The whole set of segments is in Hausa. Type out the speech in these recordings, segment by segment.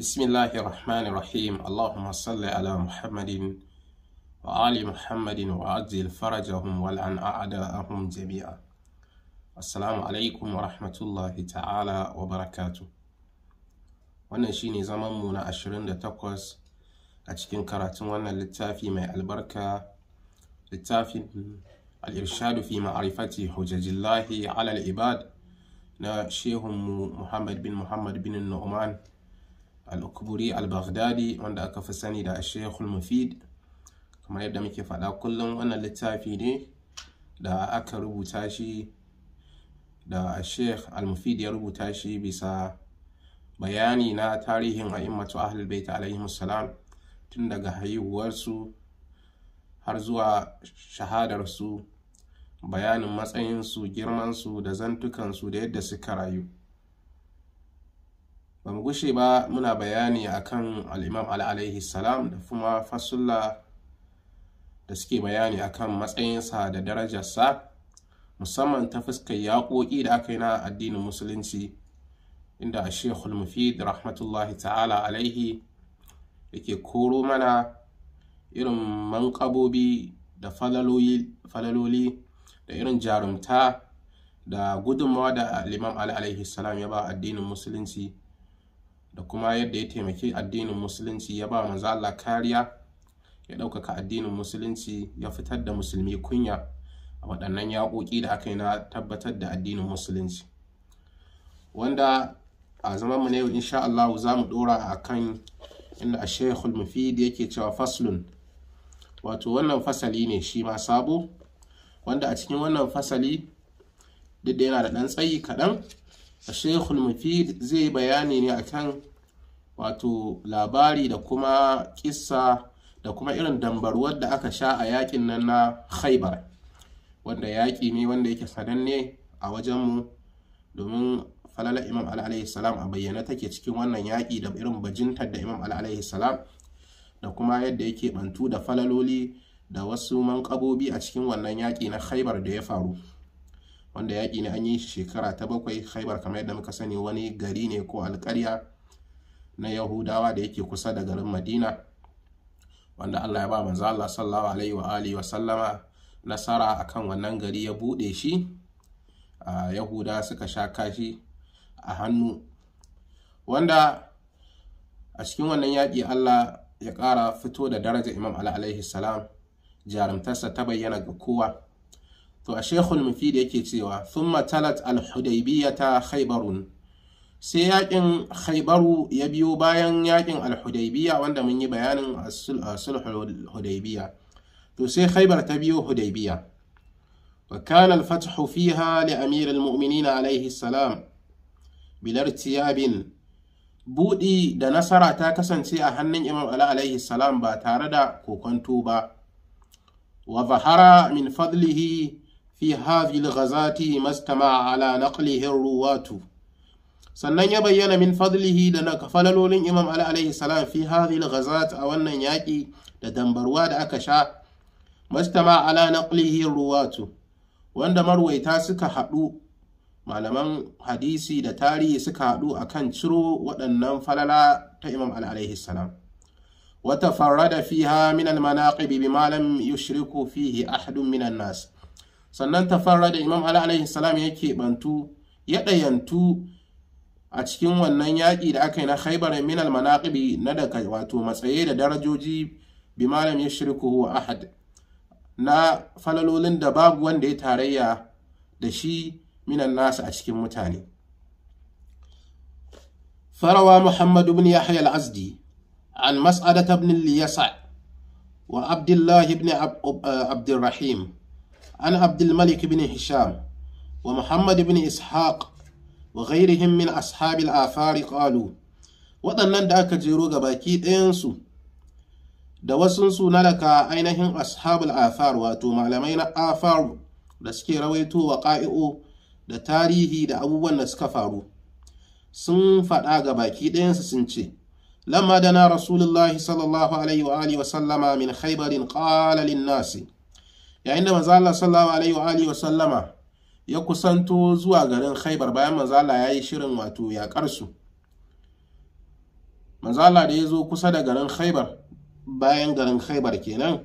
bismillahi rahmani rahim allahumma salli ala muhammadin wa ali muhammadin wa ajil farajahum wal an a'da'ahum jami'a assalamu alaikum wa rahmatullahi ta'ala wa barakatu wannan shine zaman mu na da 28 a cikin karatun wannan littafi mai albarka littafin al-irshadu fi ma'rifati hujajillahi ala ibad na shehunmu muhammad bin muhammad bin nu'man al-kuburi al-baghdadi wanda aka fi sani da shekul mufid kamar yadda muke faɗa kullum wannan littafi ne da aka rubuta shi da shekh al-mufid ya rubuta shi bisa bayani na tarihin a'immatu ahlul bait alaihim salam tun daga haihuwarsu har zuwa shahadarsu bayanin matsayinsu girmansu da zantukansu da yadda suka rayu ba mu gushe ba muna bayani akan al'imam al’alaihi salam da kuma fasulla da suke bayani akan matsayinsa da darajarsa musamman ta fuskar yaƙoƙi da aka yi na addinin musulunci inda a shekul mufid rahmatullahi ta'ala alaihi yake koro mana irin manƙabobi da falaloli da irin jarumta da gudunmawa da al'imam al’alaihi salam ya ba addinin musulunci da kuma yadda ya taimaki addinin musulunci ya ba manzo Allah kariya ya ɗaukaka addinin musulunci ya fitar da musulmi kunya a waɗannan yaƙoƙi da aka yi na tabbatar da addinin musulunci wanda a zamanmu na yau insha Allah za mu ɗora a kan inda a shekul mufid yake cewa faslun wato wannan fasali ne shi ma sabo wanda a cikin wannan fasali duk da yana da ɗan tsayi kaɗan shekul mufid zai bayani ne akan wato labari da kuma kissa da kuma irin dambarwar da aka sha a yakin nan na khaibar wanda yaƙi ne wanda yake sananne a wajenmu domin falala imam al'alaihi salam a bayyana take cikin wannan yaƙi da irin bajintar da imam al'alaihi salam da kuma yadda yake bantu da falaloli da wasu manƙabobi a cikin wannan yaƙi na haibar da ya faru wanda yaƙi ne an yi shi shekara ta bakwai haibar kamar yadda muka sani wani gari ne ko alƙarya na yahudawa da yake kusa da garin madina wanda allah ya ba manzo allah sallallahu alaihi wa alihi wa sallama nasara akan wannan gari ya buɗe shi a yahuda suka sha kashi a hannu wanda a cikin wannan yaƙi allah ya ƙara fito da daraja imam ali alaihi salam jarumtarsa ta bayyana ga kowa to a shekul mufid yake cewa thumma talat al ta khaybarun sai yakin khaybaru ya biyo bayan yakin al-hudaybiya wanda mun yi bayanin sulhul hudaybiya to sai khaybar ta biyo hudaybiya wa kana al fiha li amir al-mu'minin alayhi salam bilar tiyabin buɗi da nasara ta kasance a hannun imam ala alaihi salam ba tare da kokonto ba wa zahara min fadlihi fi hadhihi ghazati mastama'a ala naqlihi ruwatu sannan ya bayyana min fadlihi da na falalolin imam ali alaihi salam fi hadhihi ghazat a wannan yaƙi da dambarwa da aka sha mastama ala naqlihi ruwatu wanda marwaita suka haɗu malaman hadisi da tarihi suka haɗu akan ciro waɗannan falala ta imam ali alaihi salam wata farada fiha min al-manaqib bima lam yushriku fihi ahadun min nas sannan tafarra da imam ali alaihi salam ya keɓantu ya ɗayantu a cikin wannan yaƙi da aka yi na khaibar min almanaqibi na daga wato matsaye da darajoji bi malam ya shirku wa ahad na falalolin da babu wanda ya tarayya da shi minan nasa a cikin mutane farawa muhammad ibn yahya al-azdi an mas'adata ibn al-yasa wa abdullah ibn عن عبد الملك بن هشام ومحمد بن إسحاق وغيرهم من أصحاب الآثار قالوا waɗannan da aka jero ga baki ɗayansu da wasunsu na daga ainihin ashabul afar wato malamai na afar da suke rawaito wa ƙa'i'o da tarihi da abubuwan da suka faru sun faɗa ga baki ɗayansu sun ce lamma da na rasulullahi sallallahu alaihi wa sallama min khaibarin ƙalalin nasi yayin da manzo Allah sallallahu alaihi wa alihi wa sallama ya kusanto zuwa garin Khaibar bayan manzo Allah ya yi shirin wato yakar su manzo da ya zo kusa da garin Khaibar bayan garin Khaibar kenan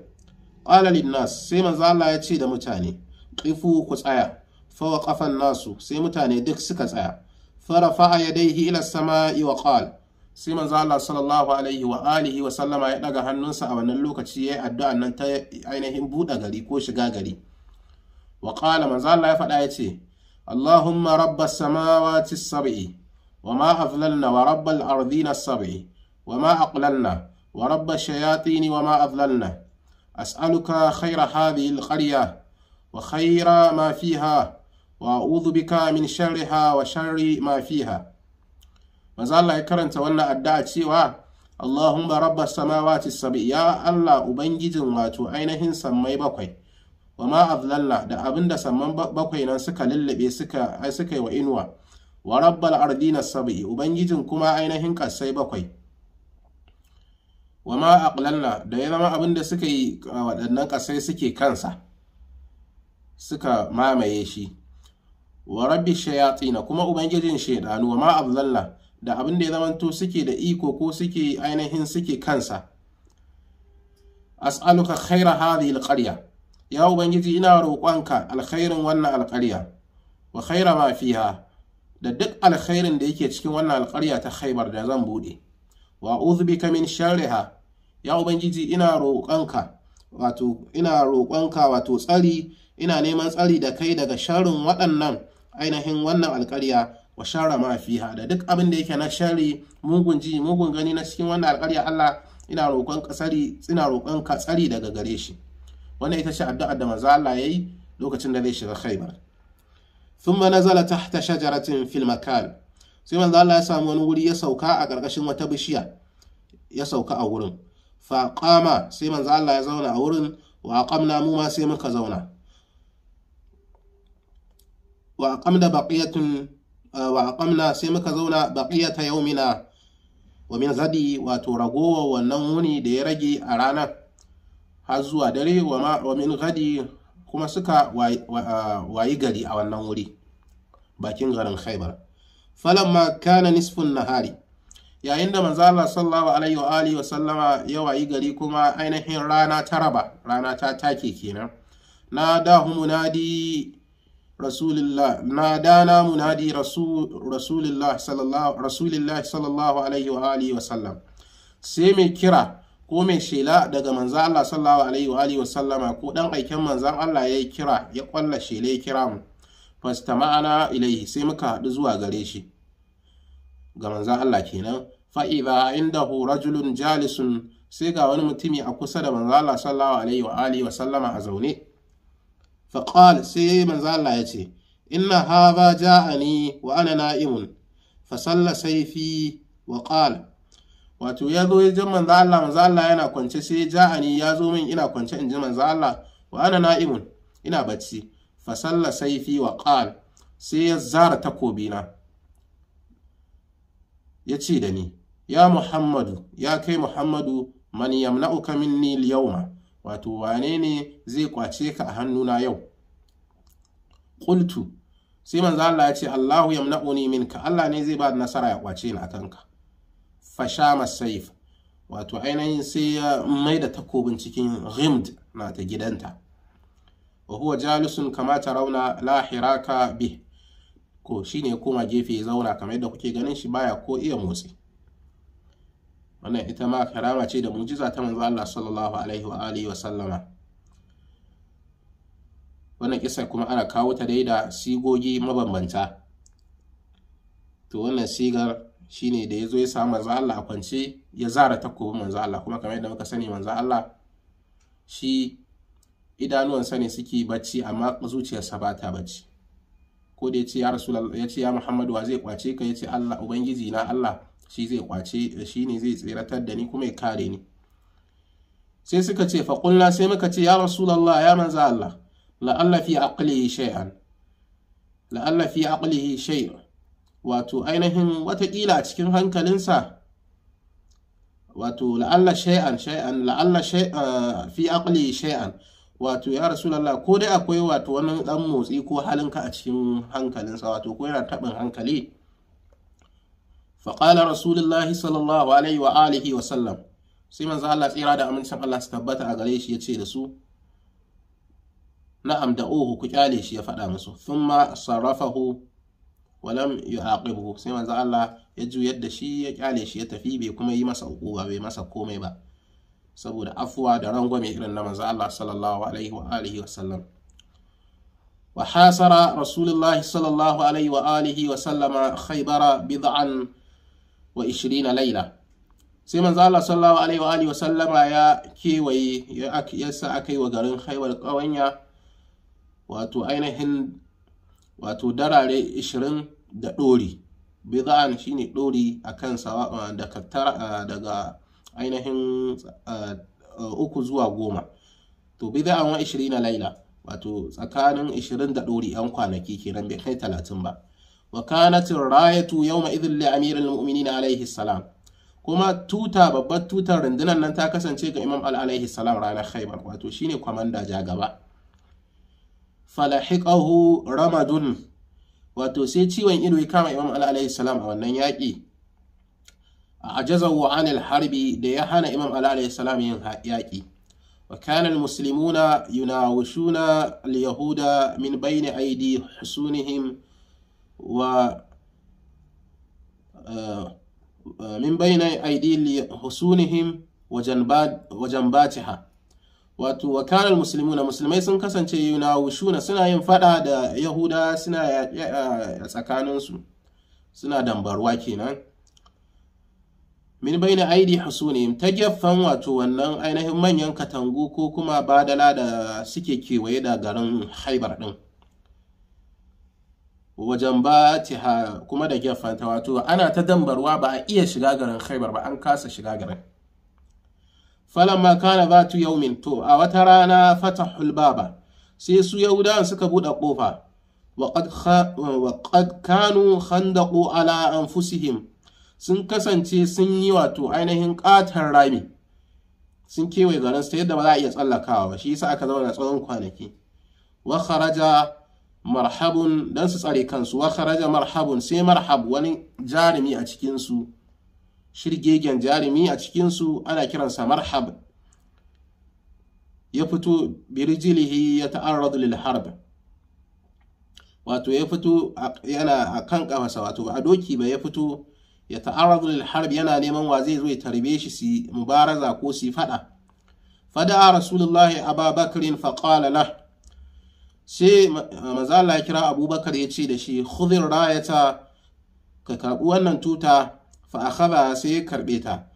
qala nas sai mazala ya ce da mutane qifu ku tsaya fa ƙafan nasu sai mutane duk suka tsaya farafa yadayhi ila samai wa qala sai manzo Allah sallallahu alaihi wa alihi wa sallama ya daga hannunsa a wannan lokaci yayi addu'a nan ta ainihin buɗe gari ko shiga gari wa qala manzo Allah ya faɗa yace Allahumma rabbas samawati sab'i wa ma aflalna wa rabbal ardina sab'i wa ma aqlalna wa rabbash shayatin wa ma adlalna as'aluka khayra hadhihi al-qarya wa khayra ma fiha wa a'udhu bika min sharriha wa sharri ma fiha maza Allah ya karanta wannan addu'a cewa Allahumma rabbas samawati sab'i ya Allah ubangijin wato ainihin sammai bakwai wa ma azlalla da abinda samman bakwai nan suka lullube suka ai suka yi wa inuwa wa rabbal ardina sab'i ubangijin kuma ainihin kasai bakwai wa ma aqlalla da ya zama abinda suka yi waɗannan kasai suke kansa suka mamaye shi wa rabbi shayatina kuma ubangijin shedanu wa ma azlalla da abin da ya zamanto suke da iko ko suke ainihin suke kansa as'aluka khaira hadhihi alqarya ya ubangiji ina roƙonka alkhairin wannan alqarya wa khaira ma fiha da duk alkhairin da yake cikin wannan alqarya ta khaibar da zan buɗe wa uzbika min sharriha ya ubangiji ina roƙonka wato ina roƙonka wato tsari ina neman tsari da kai daga sharrin waɗannan ainihin wannan alƙarya wa shara ma fiha da duk abin da yake na shari mugun ji mugun gani na cikin wannan alƙarya Allah ina roƙon kasari ina roƙon ka tsari daga gare shi wannan ita ce addu'a da manzo Allah yayi lokacin da zai shiga Khaibar thumma nazala tahta shajaratin fil makal sai manzo Allah ya samu wani wuri ya sauka a ƙarƙashin wata bishiya ya sauka a wurin fa qama sai manzo Allah ya zauna a wurin wa aqamna mu ma sai muka zauna wa aqamna baqiyatun wa aqamna sai muka zauna baqiyata yaumina wa min zadi wato ragowa wannan wuni da ya rage a ranar har zuwa dare wa min gadi kuma suka wayi gari a wannan wuri bakin garin khaibar falamma kana nisfun nahari yayin da manzo Allah sallallahu alaihi wa alihi wa sallama ya wayi gari kuma ainihin rana ta raba rana ta take kenan na da munadi rasulillah nadana munadi rasulillah sallallahu rasulillah sallallahu alaihi wa alihi wa sallam sai mai kira ko mai shela daga manzan Allah sallallahu alaihi wa alihi wa sallama ko dan aikin manzan Allah ya yi kira ya kwalla shela ya kira mu fastama'ana ilaihi sai muka haɗu zuwa gare shi ga manzan Allah kenan fa'iba indahu rajulun jalisun sai ga wani mutumi a kusa da manzan Allah sallallahu alaihi wa alihi wa sallama a zaune faƙal sai manzo Allah ya ce inna haza ja'ani wa ana na'imun fa salla sayfi wa qala wato ya zo ya jin manzo Allah manzo Allah yana kwance sai ja'ani ya zo min ina kwance in ji manzo Allah wa ana na'imun ina bacci fa salla sayfi wa qala sai ya zara na ya ce da ni ya muhammadu ya kai muhammadu man yamna'uka minni al-yawma wato wane ne zai kwace ka a hannuna yau qultu sai manzo Allah ya ce Allahu yamna'uni minka Allah ne zai ba nasara ya kwace ni akanka fasha saif wato ainihin sai ya mai da takobin cikin ghimd na ta gidanta wa huwa jalisun kama tarawna la hiraka bih ko shine ya koma gefe ya zauna kamar yadda kuke ganin shi baya ko iya motsi wannan ita ma karama ce da mujiza ta manzo Allah sallallahu alaihi wa alihi wa sallama wannan kisa kuma ana kawo ta dai da sigogi mabambanta to wannan sigar shine da ya zo ya samu manzo Allah a kwance ya zara takobin manzo Allah kuma kamar yadda muka sani manzo Allah shi idanuwansa ne suke bacci amma zuciyarsa ba ta bacci ko da yace ya rasulullah yace ya muhammadu wa zai kwace ka yace Allah ubangiji na Allah shi zai kwace shi ne zai tsiratar da ni kuma ya kare ni sai suka ce faƙulla sai muka ce ya rasulallah ya manza Allah la'alla fi aqlihi shay'an la'alla fi aqlihi shay' wato ainihin watakila a cikin hankalinsa wato la'alla shay'an shay'an la'alla fi aqlihi shay'an wato ya rasulallah ko dai akwai wato wani dan motsi ko halinka a cikin hankalinsa wato ko yana taɓin hankali faƙala rasulullahi sallallahu alaihi wa wa sallam sai manzo Allah tsira da amincin Allah su tabbata a shi ya ce da su na'am da uhu ku kyale shi ya faɗa musu thumma sarrafahu walam yu'aqibuhu sai manzo Allah ya juyar da shi ya kyale shi ya tafi bai kuma yi masa hukuma bai masa komai ba saboda afuwa da rangwame irin na manzo Allah sallallahu alaihi wa alihi wa sallam wa hasara rasulullahi sallallahu alaihi wa alihi wa sallama khaybara bid'an wa 20 laila sai manzo Allah sallallahu alaihi wa alihi wa sallama ya kewaye ya sa akai wa garin Khaybar kawanya wato ainihin wato darare 20 da ɗori bid'an shine ɗori akan sawa daga ainihin uku zuwa goma to bid'an wa 20 na laila wato tsakanin 20 da ɗori yan kwanaki kenan bai kai 30 ba wa kanat rayatu yau idhin li amiril mu'minin alaihi salam kuma tuta babbar tutar rundunar nan ta kasance ga imam al alaihi salam ranar khaibar wato shine kwamanda ja gaba falahiqahu ramadun wato sai ciwon ido ya kama imam ali alayhi salam a wannan yaƙi a ajazahu anil harbi da ya hana imam ali alayhi salam yin yaƙi wa kana almuslimuna yunawishuna alyahuda min bayni aidi husunihim wa min bayni aidi husunihim wa janbatiha wato musulmi na musulmai sun kasance na suna yin fada da yahuda suna ya tsakaninsu suna dambarwa kenan min bai aidi husuni ta gefen wato wannan ainihin manyan katangu ko kuma badala da suke kewaye da garin haibar ɗin wajen ba kuma da ta wato ana ta dambarwa ba a iya shiga garin haibar ba an kasa shiga garin falamma kana zatu yaumin to a wata rana fatahul baba sai su yahudawan suka buɗe ƙofa waƙad kanu khandaku ala anfusihim sun kasance sun yi wato ainihin ƙatar rami sun kewaye garin ta yadda ba za a iya tsallakawa ba shi yasa aka zauna tsawon kwanaki wa kharaja marhabun dan su tsare kansu wa kharaja marhabun sai marhab wani jarumi a cikin su shirgegen jarumi a cikinsu ana kiransa marhab ya fito birjilihi ya ta'arradu lil harb wato ya fito yana a kan kafasa wato ba a doki ba ya fito ya ta'arradu lil harb yana neman wa zai zo ya tarbe shi si mubaraza ko si fada fada rasulullahi ababakrin faqala lah sai mazala kira abubakar ya ce da shi khudhir rayata ka karɓi wannan tuta فأخذها سي كربيتا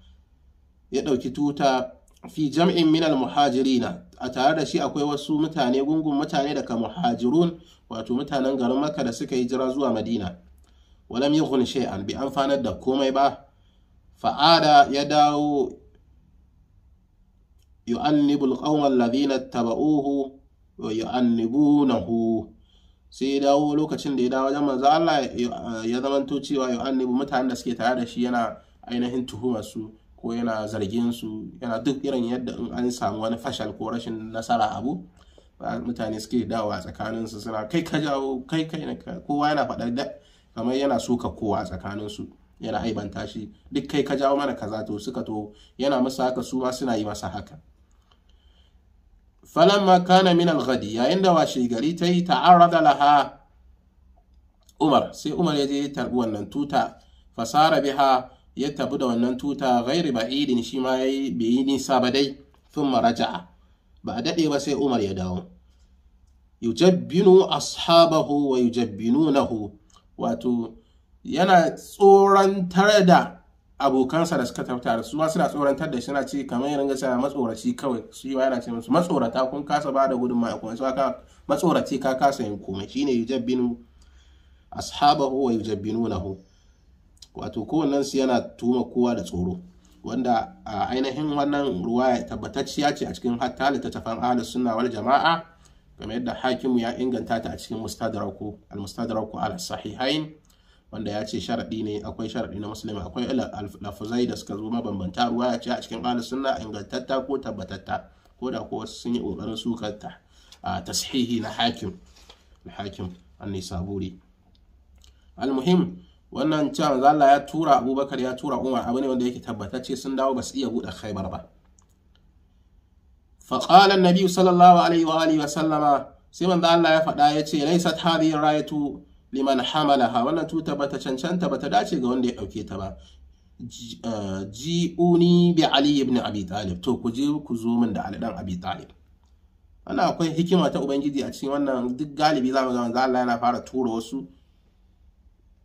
يدوكي توتا fi jam'in minal muhajirina a tare da shi akwai wasu mutane gungun mutane daga muhajirun wato mutanen garin makka da suka yi jira zuwa madina walam yughn shay'an bi amfanar da komai ba fa'ada ya dawo yu'annibu alqawma alladhina tabauhu wa yu'annibunahu sai ya dawo lokacin da ya dawo wajen manzo Allah ya zamanto cewa ya annabi mutanen da suke tare da shi yana ainihin tuhumar su ko yana zargin su yana duk irin yadda in an samu wani fashal ko rashin nasara abu mutane suke a tsakanin su suna kai ka jawo kai kai na kowa yana faɗa da kamar yana soka kowa a tsakanin su yana aibanta shi duk kai ka jawo mana kaza to suka to yana masa haka su ma suna yi masa haka falamma kana min al-ghadi yayin da washe gari ta yi ta'arrada laha umar sai umar ya je ya tarbi wannan tuta fasara biha ya tabu da wannan tuta ghairi ba'idin shi ma yayi bai nisa ba dai thumma raja'a ba a dade ba sai umar ya dawo yujabbinu ashabahu wa yujabbinunahu wato yana tsorantar da abokansa da suka tafi tare su ma suna tsorantar da shi suna ce kamar ringa cewa matsoraci kawai su yi yana ce musu matsorata kun kasa ba da mai kuma su matsoraci ka kasa yin komai shine yujabbinu ashabahu wa lahu wato kowannen su yana tuma kowa da tsoro wanda a ainihin wannan ruwaya tabbatacciya ce a cikin hatta littattafan ahlus sunna wal jama'a kamar yadda hakimu ya inganta ta a cikin mustadraku al mustadraku al sahihain wanda ya ce sharaɗi ne akwai sharaɗi na musulmi akwai lafuzai da suka zo mabambanta ruwa ya ce a cikin ƙalar sunna ingantatta ko tabbatatta ko da wasu sun yi ƙoƙarin sukarta a tashihi na hakim hakim annai saburi almuhim wannan cewa zalla ya tura abubakar ya tura umar abu ne wanda yake tabbatacce sun dawo ba su iya buɗe khaibar ba faƙala nabi sallallahu alaihi wa alihi wa sallama sai manzo Allah ya faɗa ya ce laysat hadhihi rayatu liman hamalaha wannan tuta bata cancanta bata dace ga wanda ya dauke ta ba eh, ji'uni bi ali ibn abi talib to ku je ku zo min da ali abi talib ana akwai hikima ta ubangiji a cikin wannan duk galibi za mu ga manzo Allah yana fara tura wasu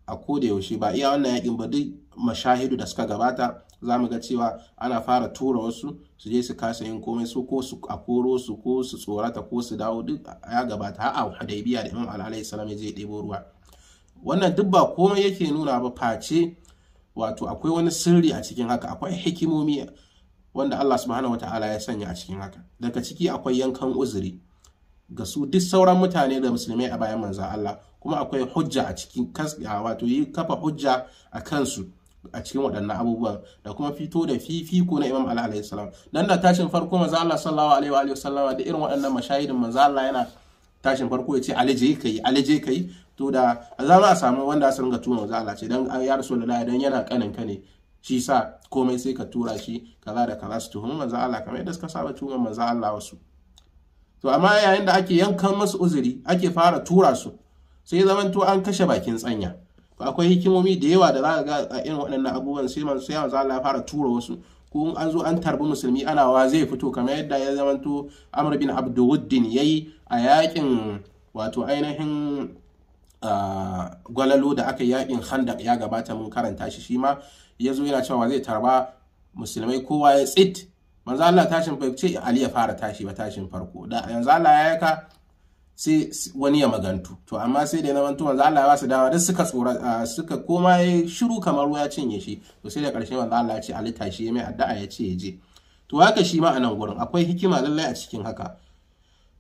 a koda yaushe ba iya wannan yakin ba duk mashahidu da suka gabata za mu ga cewa ana fara tura wasu su je su kasa yin komai su ko su a koro su ko su tsorata ko su dawo duk ya gabata a hadaibiya da imam al-alayhi salam ya je ɗebo ruwa wannan duk ba komai yake nuna ba face wato akwai wani sirri a cikin haka akwai hikimomi wanda Allah subhanahu wata'ala ya sanya a cikin haka daga ciki akwai yankan uzuri ga su duk sauran mutane da musulmai a bayan manzan Allah kuma akwai hujja a cikin wato yi kafa hujja a kansu a cikin waɗannan abubuwa da kuma fito da fifiko na Imam Ali alaihi salam Nan da tashin farko manzan Allah sallallahu alaihi wa da irin waɗannan mashahidin manzan Allah yana tashin farko ya ce alije ka yi alije ka yi to da za a samu wanda su ringa tura manzo don ce dan ya rasulullahi dan yana kanin ka ne shi sa komai sai ka tura shi kaza da kaza su tuhumi manzo Allah kamar yadda suka saba tuhumar manzo Allah wasu to amma yayin da ake yankan masu uzuri ake fara tura su sai zamanto an kashe bakin tsanya akwai hikimomi da yawa da za ga a irin waɗannan abubuwan sai manzo Allah ya fara tura wasu ko an zo an tarbi musulmi ana wa zai fito kamar yadda ya zamanto amr bin abduwuddin yi a yakin wato ainihin gwalalo da aka yakin handak ya gabata mun karanta shi shi ma ya zo yana cewa zai tarba musulmai kowa ya tsit manzo Allah tashin farko ce Ali ya fara tashi ba tashin farko da yanzu Allah ya yaka sai wani ya magantu to amma sai da ya zamanto manzo Allah ya ba su dawa duk suka tsora suka koma ya shiru kamar ruwa cinye shi to sai da karshe wanda Allah ya ce alita shi ya mai addu'a ya ce ya je to haka shi ma a nan gurin akwai hikima lallai a cikin haka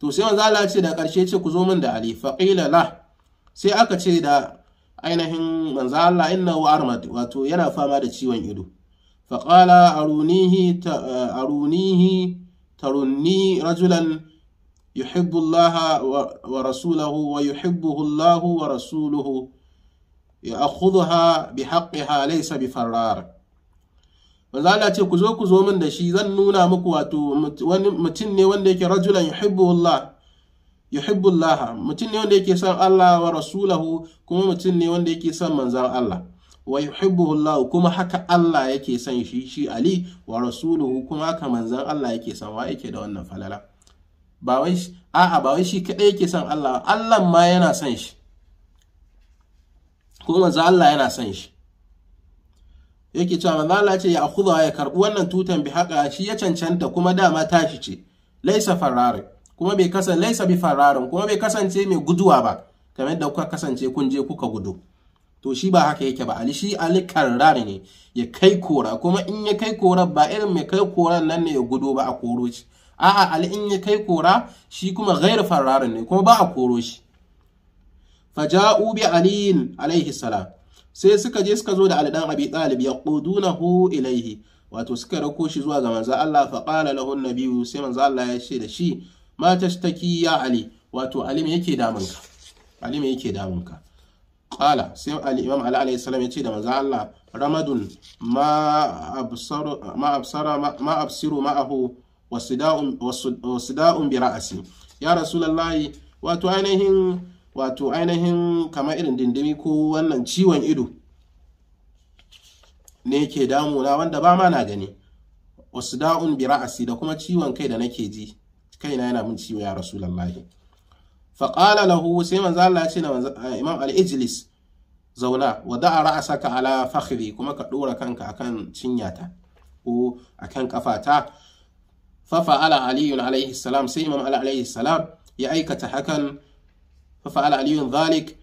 to sai wanda Allah ya ce da karshe ce ku zo min da Ali fa la sai aka ce da ainihin manzo Allah wa armad wato yana fama da ciwon ido fa qala arunihi arunihi tarunni rajulan يحب الله ورسوله ويحبه الله ورسوله يأخذها بحقها ليس بفرار وزالة كزو كزو من دشي ذن نونا مكواتو متن رجلا يحبه الله يحب الله متن وندك سان الله ورسوله كما متن وندك سان منزل الله ويحبه الله كما حكى الله يكي سان شي علي ورسوله كما حكى منزل الله يكي سان دون فلالا ba wai a'a ba wai shi kadai yake son Allah Allah ma yana son shi ko manzo Allah yana son shi yake cewa manzo Allah ce ya akhudha ya karɓi. wannan tutan bi haka shi ya cancanta kuma da dama tashi ce laisa farari kuma bai kasance laisa bi fararin kuma bai kasance mai guduwa ba kamar da kuka kasance kun je kuka gudu to shi ba haka yake ba ali shi ali karrar ne ya kai kora kuma in ya kai kora ba irin mai kai koran nan ne ya gudu ba a koro shi a'a ali in ya kai kora shi kuma ghairu fararin ne kuma ba a koro shi faja'u bi aliyin alaihi salam sai suka je suka zo da ali dan abi talib yaqudunahu ilaihi wato suka rako shi zuwa ga manzo Allah fa qala lahu an-nabiyyu sai manzo Allah ya ce da shi ma tashtaki ya ali wato ali me yake damunka ali me yake damunka qala sai al-imam ali alayhi salam ya ce da manzo Allah ramadun ma absara ma absara ma absiru ma'ahu wasu da'un bi ra'asi ya rasulallahi wato ainihin wato ainihin kama irin dindimi ko wannan ciwon ido ne ke damuna wanda ba ma na gani wasu da'un bi ra'asi da kuma ciwon kai da nake ji kaina yana min ciwo ya lallai. faƙala lahu sai manzo Allah ya ce na eh, imam al-ijlis zauna wa da'a ra'asaka ala fakhri kuma ka ɗora kanka akan cinyata ko akan kafata fafa'ala aliyun alayhi salam sai imam ali alayhi salam ya aikata hakan fafa'ala aliyun zalik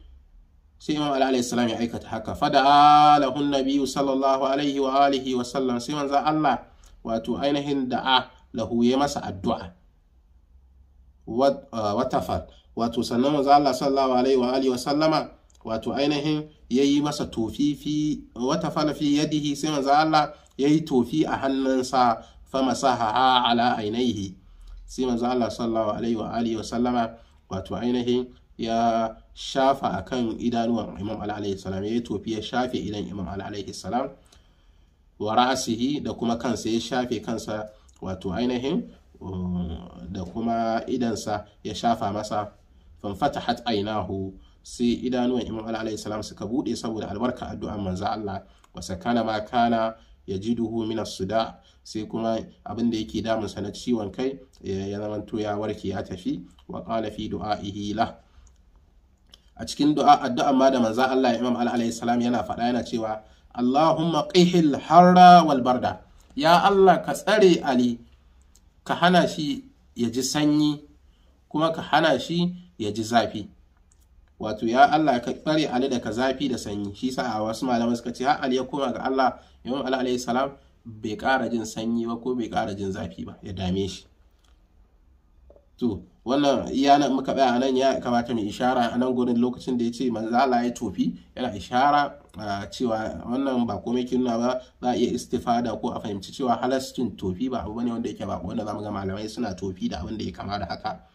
sai imam ali salam ya aikata haka fada'a lahun nabiyyu sallallahu alayhi wa alihi wa sallam sai manzo Allah wato ainihin da'a lahu ya masa addu'a ah, watafat wato sannan manzo Allah sallallahu wa alihi wa sallama wato ainihin yayi masa tofi fi fi yadihi sai manzo Allah yayi tofi a hannunsa famasaha ala ainihi sai manzo Allah sallallahu alaihi wa alihi wa sallama wato ainihin ya shafa akan idanuwan imam ali alaihi salam ya tofi ya shafe idan imam ali alaihi salam wa ra'asihi da kuma kansa ya shafe kansa wato ainihin uh, da kuma idansa ya shafa masa fanfatahat ainahu sai idanuwan imam ali alaihi salam suka bude saboda albarka addu'an manzo Allah wa sakana ma kana ya ji duhu mina suda sai kuma abin da yake damunsa na ciwon kai ya zamanto ya warke ya tafi wa qala fi du'a'ihi ihila. a cikin du'a addu'a ma da manzo Allah Imam Ali salam yana faɗa yana cewa Allahumma qihil harra wal barda ya Allah ka tsare Ali ka hana shi ya ji sanyi kuma ka hana shi ya ji zafi wato ya Allah ka tsare Ali daga zafi da sanyi shi sa a wasu malaman suka ce har Ali ya koma ga Allah yawan Ali alayhi salam bai ƙara jin sanyi ba ko bai kara jin zafi ba ya dame shi to wannan iya nan muka nan ya kamata mu ishara a nan gurin lokacin da ya ce manzo Allah ya tofi yana ishara cewa wannan ba komai kin nuna ba za a iya istifada ko a fahimci cewa halastin tofi ba abu bane wanda yake ba wanda zamu ga malamai suna tofi da abin da ya kama da haka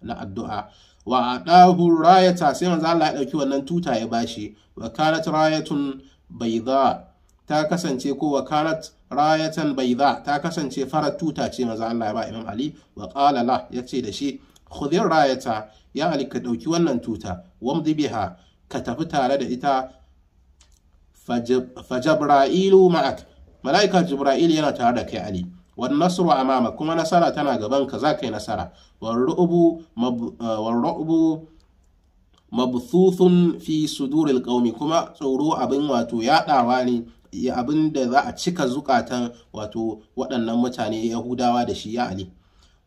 na addu'a wa dahu rayata sai manzo Allah ya dauki wannan tuta ya bashi wa kanat rayatun bayda ta kasance ko wa kanat rayatan bayda ta kasance farar tuta ce manzo Allah ya ba Imam Ali wa qala la yace da shi khudhi rayata ya Ali ka dauki wannan tuta wamdi biha ka tafi tare da ita fajabra'ilu ma'ak mala'ika jibra'il yana tare da kai Ali wan nasru amama kuma nasara tana gaban ka za ka yi nasara wan ru'bu eh, mabthuthun fi suduril qaumi kuma tsoro abin wato yaɗawa ne abin da za a cika zukatan wato waɗannan mutane yahudawa da shi ya ali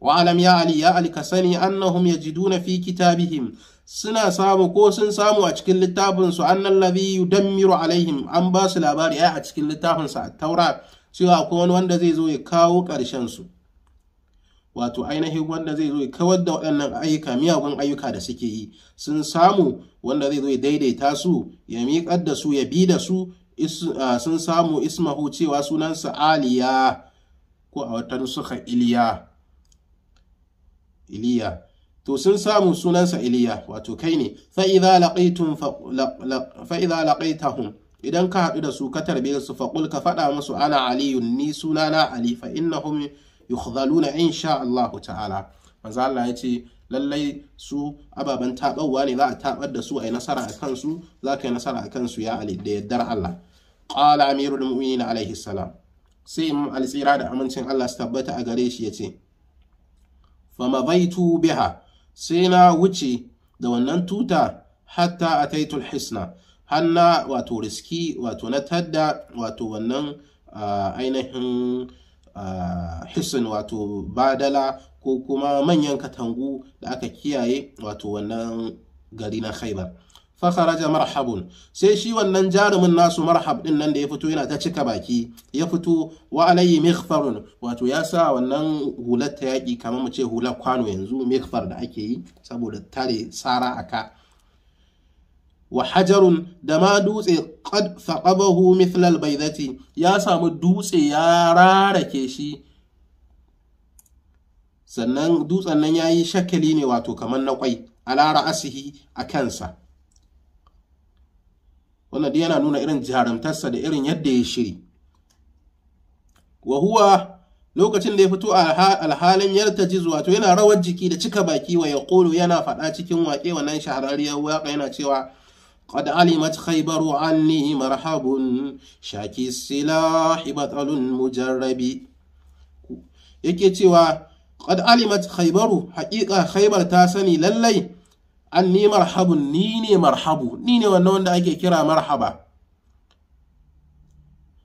wa'alam ya ali ya ali ka sani annahum yajiduna fi kitabihim suna samu ko sun samu a cikin littafinsu annan ladhi yudammiru alaihim an ba su labari ai a cikin littafinsu a taura cewa akwai wani wanda zai zo ya kawo ƙarshen su wato ainihin wanda zai zo ya kawar da waɗannan ayyuka miyagun ayyuka da suke yi sun samu wanda zai zo ya daidaita su ya miƙar da su ya bi da su sun samu ismahu cewa sunansa aliya ko a wata nusuka iliya iliya to sun samu sunansa iliya wato kai ne fa'iza laƙaitahun idan ka haɗu da su ka tarbe su faƙul ka faɗa musu ana aliyun ni sunana ali fa innahum yukhdhaluna insha Allah ta'ala manzo Allah ya ce lallai su ababen taɓarwa ne za a taɓar da su a yi nasara a kansu za ka yi nasara a kansu ya ali da yardar Allah qala amirul mu'minin alayhi salam sai imam tsira da amincin Allah su tabbata a gare shi ya ce famabaitu biha sai na wuce da wannan tuta hatta ataitul hisna hanna wato riski wato na tadda wato wannan ainihin hisin wato badala ko kuma manyan katangu da aka kiyaye wato wannan gari na khaibar fakaraja marhabun sai shi wannan jarumin nasu marhab din nan da ya fito yana ta cika baki ya fito wa alayhi mighfarun wato ya sa wannan hular ta yaki kamar mu ce hular kwano yanzu mikfar da ake yi saboda tare tsara ka. wa hajarun da ma dutse qad faqabahu mithl albaydati ya samu dutse ya rarake shi sannan dutsen nan yayi shakali ne wato kamar na kwai ala ra'asihi a kansa wannan dai yana nuna irin jarumtarsa da irin yadda ya shiri wahuwa lokacin da ya fito a alhalin jizu wato yana rawar jiki da cika baki wa yaqulu yana fada cikin waƙe wannan shahararriyar waƙa yana cewa قد علمت خيبر عني مرحب شاكي السلاح بطل مجرب yake cewa qad alimat khaybaru haƙiƙa khaybar ta sani lallai anni marhabun ni ne marhabu ni ne wannan wanda ake kira marhaba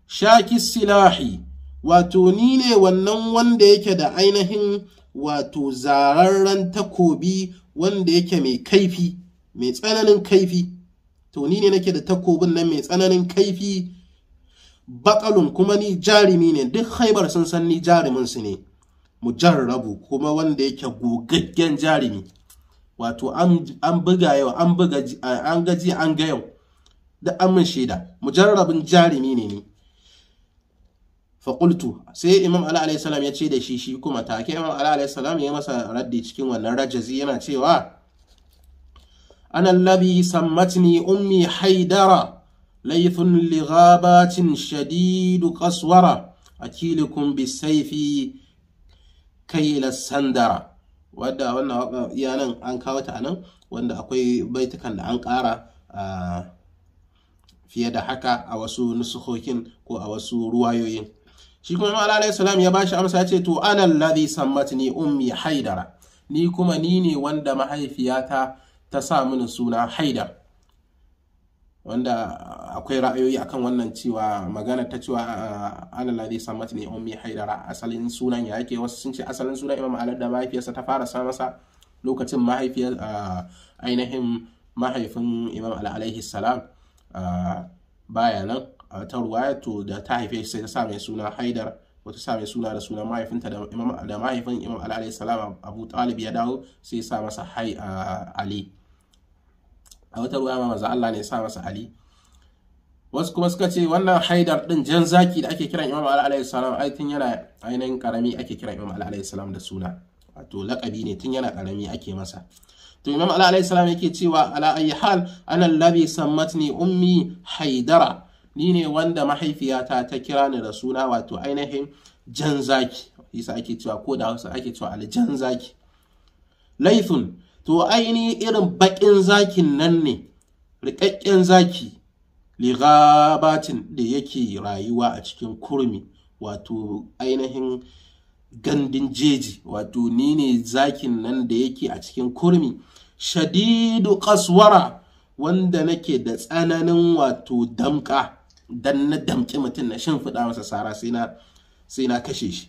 shaki silahi wato ni ne wannan wanda yake da ainihin wato zararren takobi wanda yake mai kaifi mai tsananin kaifi to ni ne nake da takobin nan mai tsananin kaifi bakalun kuma ni jarumi ne duk haibar sun san ni jarumin su ne jarrabu. kuma wanda yake gogaggen jarumi wato an buga yau an buga an gaji an ga yau da an shaida. Mu jarrabin jarumi ne ni faƙultu sai imam ala alayhi salam ya ce da shi shi kuma take imam ala alayhi salam ya masa raddi cikin wannan rajazi yana cewa أنا الذي سمتني أمي حيدرة ليث لغابات شديد قسورة أكيلكم بالسيف كيل السندرة wadda wannan an kawo anan wanda akwai baitukan da an ƙara fiye da haka a wasu nusuhokin ko a wasu ruwayoyin shi kuma ala alayhi salam ya bashi amsa ya ce to ana alladhi sammatni ummi haidara ni kuma ni ne wanda mahaifiyata ta sa mini suna haida wanda akwai ra'ayoyi akan wannan cewa magana ta cewa alalladhi ah, samat ni ummi haidara asalin sunan ya yake wasu sun ce asalin sunan imam alad da mahaifiyarsa ta fara sa masa lokacin mahaifiyar ah, ainihin mahaifin imam ala alaihi salam ah, baya nan ta ruwaya to da ta haife sai ta sa mai suna haidar wata sa mai suna da suna mahaifinta da mahaifin imam ala alaihi salam abu talib ya dawo sai sa masa ali a wata ruwa ma maza Allah ne ya sa masa ali wasu kuma suka ce wannan haidar ɗin jan zaki da ake kiran imam ali alayhi salam ai tun yana ainihin karami ake kiran imam ali alayhi salam da suna wato laqabi ne tun yana karami ake masa to imam ali alayhi salam yake cewa ala ayi hal ana labi sammatni ummi haidara ni ne wanda mahaifiyata ta kira ni da suna wato ainihin jan zaki yasa ake cewa ko da hausa ake cewa aljan zaki laifin. to aini irin baƙin zakin nan ne riƙaƙƙen zaki ligabatin da yake rayuwa a cikin kurmi wato ainihin gandun jeji wato ni ne zakin nan da yake a cikin kurmi shadidu kaswara wanda nake da tsananin wato damka dan na damƙi mutum na shimfiɗa masa sara sai na kashe shi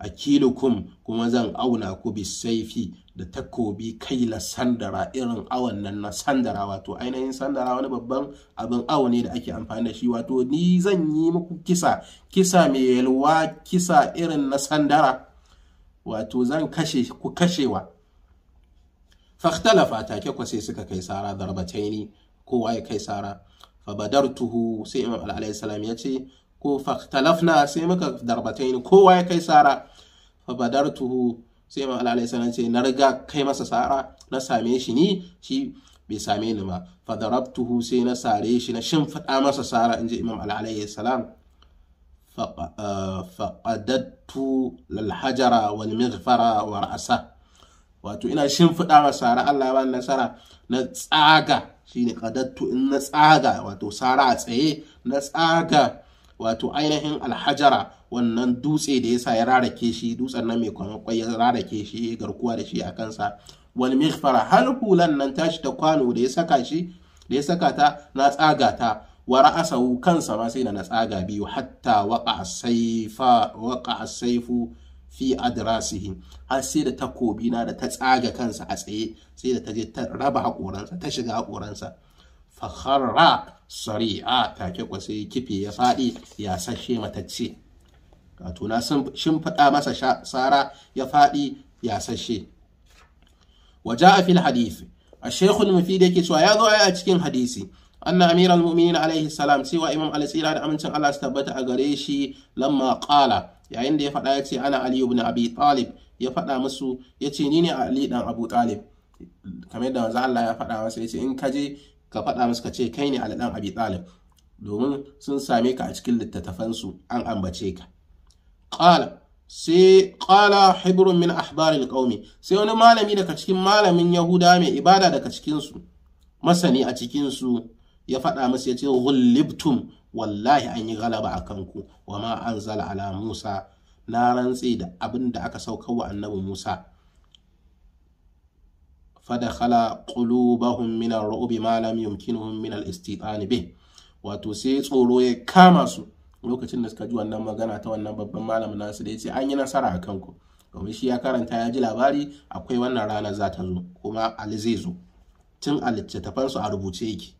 akilukum kuma zan auna ku saifi da takobi kai la sandara irin awon nan na sandara wato ainihin sandara wani babban abin awo ne da ake amfani da shi wato ni zan yi muku kisa kisa mai yalwa kisa irin na sandara wato zan kashe ku kashewa fahtalafa take kwase suka kai sara darbataini kowa ya kai sara fabadartuhu sai imam alaihi salam ya ce ko faktalafna sai muka darbatain kowa ya kai sara fa badartuhu sai ma Allah alaihi ce na riga kai masa sara na same shi ni shi bai same ni ba fa darabtuhu sai na sare shi na shimfiɗa masa sara inji imam Allah alaihi salam fa qadattu faƙadattu hajara wal mighfara wa ra'sa wato ina shimfiɗa masa sara Allah ba nasara na tsaga shine qadattu in na tsaga wato sara a tsaye na tsaga wato ainihin alhajara wannan dutse da yasa ya rarake shi dutsen nan mai kwanakwai ya rarake shi ya garkuwa da shi a kansa wal mighfara hal hulan nan tashi ta kwano da ya saka shi da ya saka ta na tsaga ta wa ra'asahu kansa ma sai na tsaga biyu hatta waqa saifa waqa saifu fi adrasihi har sai da takobi na da ta tsaga kansa a tsaye sai da ta je ta raba hakoransa ta shiga hakoransa. fakharra sari'a take kwasai kifi ya faɗi ya sashe matacce katuna na shimfiɗa masa sara ya faɗi ya sashe waje a fil hadisi a shekul mafi da yake cewa ya zo a cikin hadisi anna amir al mumin alaihi salam cewa imam al-tsira da amincin Allah su tabbata a gare shi lamma qala yayin da ya faɗa ya ce ana aliyu bin abi talib ya faɗa musu ya ce ni ne ali dan abu talib kamar yadda wanzu Allah ya faɗa masa ya ce in ka je ka faɗa musu ka ce kai ne ali dan abi talib domin sun same ka a cikin littattafansu an ambace ka ƙala sai qala hibrun min ahbaril qaumi sai wani malami daga cikin malamin yahuda mai ibada daga cikinsu masani a cikinsu ya faɗa musu ya ce ghullibtum wallahi an yi galaba a kanku wa ma zala ala musa na rantse da abin da aka saukar wa annabi musa fadakhala qulubahum min ar-ru'bi ma lam yumkinuhum min al-istitani bih wato sai tsoro ya kama su lokacin da suka ji wannan magana ta wannan babban malamin nasu da ya ce an yi nasara a kanku domin shi ya karanta ya ji labari akwai wannan rana za ta zo kuma ali zai zo tun a littattafansu a rubuce yake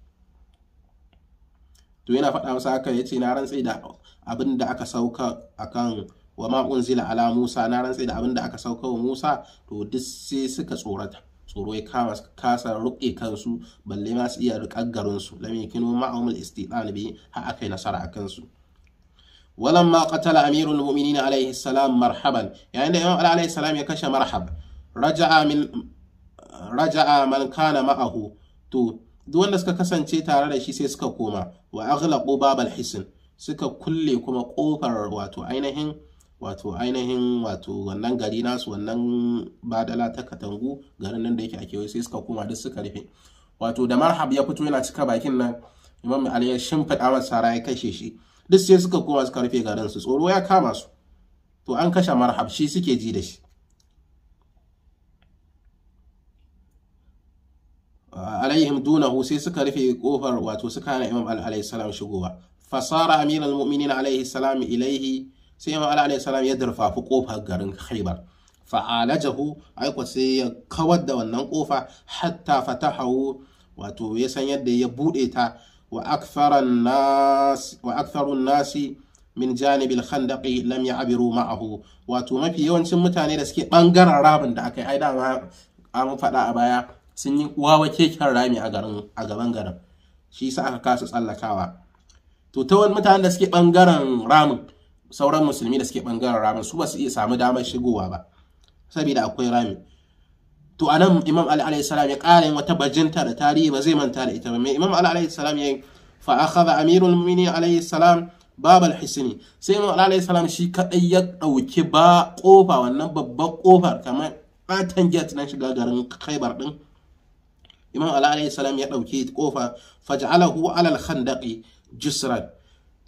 to yana faɗa masa haka ya ce na rantse da abin da aka sauka akan wa ma ala musa na rantse da abin da aka sauka wa musa to duk sai suka tsorata tsoro ya kasa ruƙe kansu balle ma su iya riƙar garinsu lam yakinu ma'ahum al-istidan ha har akai nasara a kansu walamma qatala amirul mu'minin alaihi salam marhaban yayin da imam ali salam ya kashe marhab raja'a min raja'a man kana ma'ahu to duk wanda suka kasance tare da shi sai suka koma wa aghlaqu babal hisn suka kulle kuma kofar wato ainihin wato ainihin wato wannan gari nasu wannan badala ta katangu garin nan da yake a kewaye sai suka koma duk suka rufe wato da marhab ya fito yana cika bakin nan imam ali ya shimfiɗa masa ya kashe shi duk sai suka koma suka rufe garin su tsoro ya kama su to an kashe marhab shi suke ji da shi alaihim dunahu sai suka rufe kofar wato suka hana imam ali salam shigowa fasara amiral mu'minin alayhi salam ilaihi sai imam ali alayhi salam ya durfafi kofar garin khaibar fa'alajahu aiko sai ya kawar da wannan kofa hatta fatahahu wato ya san yadda ya bude ta wa aktharun nasi min janibil khandaqi lam ya'biru ma'ahu wato mafi yawancin mutane da suke bangaren rabin da aka yi aida an faɗa a baya sun yi wawa keken rami a garin a gaban garin shi sa aka kasa tsallakawa to ta wani mutanen da suke bangaren ramin sauran musulmi da suke bangaren ramin su ba su iya samu damar shigowa ba saboda akwai rami to anan imam ali alayhi salam ya ƙara yin wata bajinta da tarihi ba zai manta da ita ba mai imam ali alayhi salam ya yi fa akhadha amirul mu'minin alayhi salam bab al-hisni sai imam ali alayhi salam shi kadai ya dauki ba kofa wannan babbar kofar kamar fatan gate nan shiga garin Khaibar din imam ali alayhi salam ya dauki kofa faj'alahu ala al-khandaqi jisran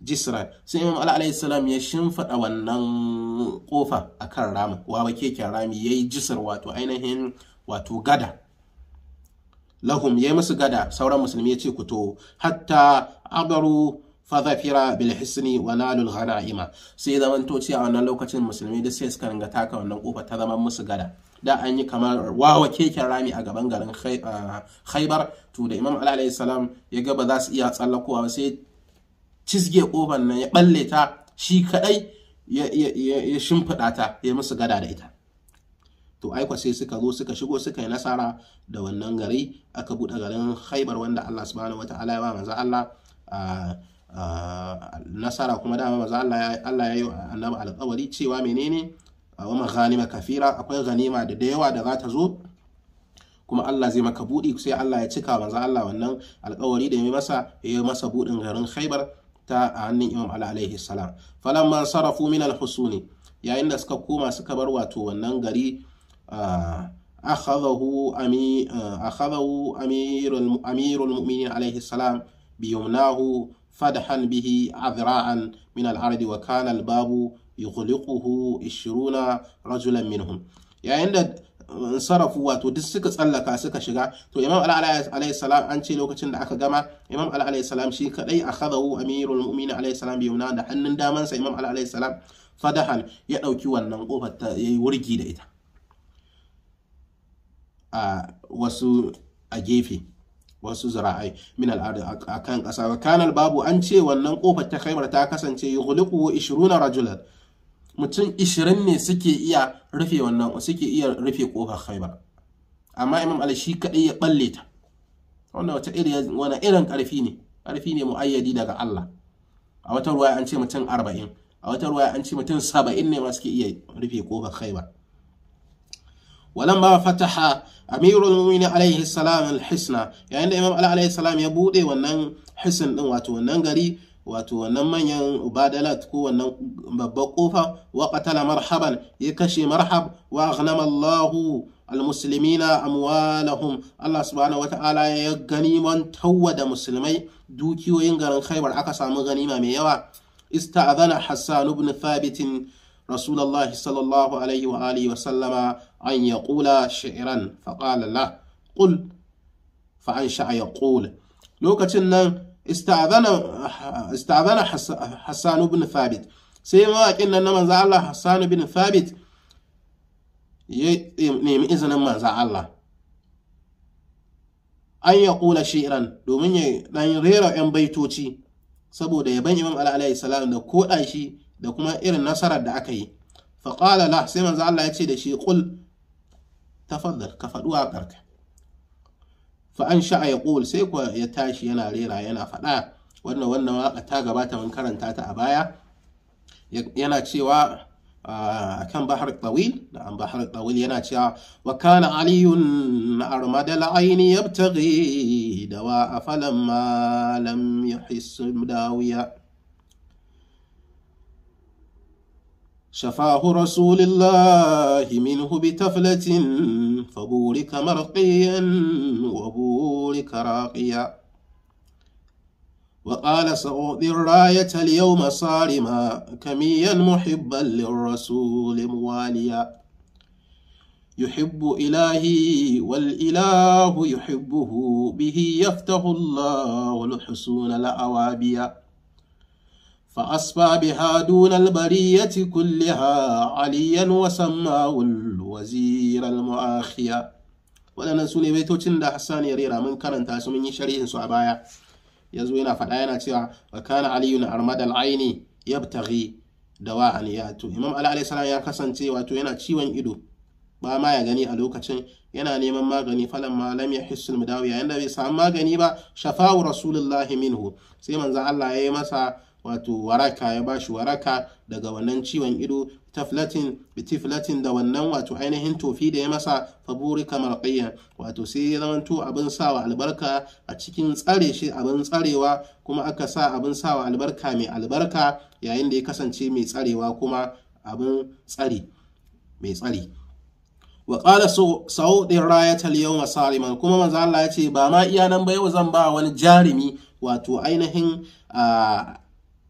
jisran sai imam alayhi salam ya shimfiɗa wannan kofa akan ramin wawa keken rami yayi jisar wato ainihin wato gada lahum yayi musu gada sauran musulmi ya ce ku to hatta abaru fadhafira bil hisni wa nalul ghanaima sai zamanto ce a wannan lokacin musulmi da sai suka ringa taka wannan kofa ta zaman musu gada da an yi kamar wawa keken rami a gaban garin khaibar to da imam ala alayhi salam ya ga ba za su iya tsallakowa sai cizge ƙoban nan ya ɓalle ta shi kaɗai ya shimfiɗa ta ya musu gada da ita to aiko sai suka zo suka shigo suka yi nasara da wannan gari aka buɗe garin haibar wanda Allah subhanahu wata'ala ya ba manzo Allah nasara kuma dama manzo Allah Allah ya yi annabi alƙawari cewa menene wa maghanima kafira akwai ganima da dayawa da za ta zo kuma Allah zai maka buɗi sai Allah ya cika manzo Allah wannan alƙawari da ya masa ya masa buɗin garin haibar ta hannun imam ala alaihi salam falamma sarafu min alhusuni yayin da suka koma suka bar wato wannan gari akhadahu ami akhadahu amirul amirul mu'minin alaihi salam biyumnahu fadhan bihi adra'an min al-ardi wa kana al-babu yughliquhu 20 rajulan minhum yayin da sarafu wato duk suka tsallaka suka shiga to imam alaihi salam an ce lokacin da aka gama imam alaihi salam shi kadai a akhadahu amirul mu'minin alaihi salam bi yuna da hannun damansa imam alaihi salam fadahal ya dauki wannan kofar ta yayi wurgi da ita a wasu a gefe wasu zira'ai min al'adu a kan ƙasa wa kanal babu an ce wannan kofar ta khaimar ta kasance yughliqu 20 rajulan mutum ishirin ne suke iya rufe wannan suke iya rufe kofar khaibar amma imam ali shi kaɗai ya balle ta wannan wata iri wani irin ƙarfi ne ƙarfi ne muayyadi daga Allah a wata ruwa an ce mutum arba'in a wata ruwa an ce mutum saba'in ne ma suke iya rufe kofar khaibar ولما فتح امير المؤمنين عليه السلام الحسنى يعني الامام علي عليه ya bude wannan hisin din wato wannan gari wato wannan manyan ubadalat ko wannan babbar kofa wa qatala marhaban ya kashe marhab wa aghnama Allahu almuslimina amwalahum Allah subhanahu wata'ala ya gani man da musulmai dukiyoyin garin Khaibar aka samu ganima mai yawa ista'adhana Hassan ibn Thabit Rasulullah sallallahu alaihi wa alihi wa sallama an yaqula shi'ran faqala la qul fa an yaqul lokacin nan استعذن استعذن حسان بن ثابت sai mawaƙin na na manzan Allah Hassanu bin Thabit ya nemi izinin an ya ƙula shi'iran domin ya ɗan rera 'yan baitoci saboda ya ban imam alayhi salam da koɗa shi da kuma irin nasarar da aka yi faƙalala la sai manzan Allah ya ce da shi ƙul tafaddal ka faɗuwa a فانشأ يقول سيكو يتاشي ينا رينا ينا فلا وانا وانا واقع تاقبات من كرن تاتا ابايا ينا تشيوا آه، كان بحر الطويل نعم بحر الطويل ينا وكان علي أرمد العين يبتغي دواء فلما لم يحس مداويا شفاه رسول الله منه بتفلة فبورك مرقيا وبورك راقيا وقال سأعطي الراية اليوم صارما كميا محبا للرسول مواليا يحب إلهي والإله يحبه به يفتح الله الحسون الأوابيا فأصفى بها دون البرية كلها عليا وسماه الوزير المؤاخية ولنا سوني بيتو تند حسان يريرا من كانت سمني شريه سعبايا يزوينا فلاينا تيرا وكان علي أرمد العين يبتغي دواء ياتو إمام علي عليه السلام يكسن تي واتو هنا تي وين إدو ba ma ya gani a lokacin yana neman magani falan malam ya hissul mudawiya yanda bai samu magani ba shafa'u rasulullahi minhu sai manzo Allah wato waraka ya bashi waraka daga wannan ciwon ido biti bitiflatin da wannan wato ainihin tofi da ya masa faburi kamar ƙayyan wato sai ya zamanto abin sawa albarka a cikin tsare shi abin tsarewa kuma aka sa abin sawa albarka mai albarka yayin da ya kasance mai tsarewa kuma abin tsare mai tsare wa ƙala ta rayatal yau kuma manzo Allah ya ce ba ma iya nan ba yau zan ba wani jarumi wato ainihin ah,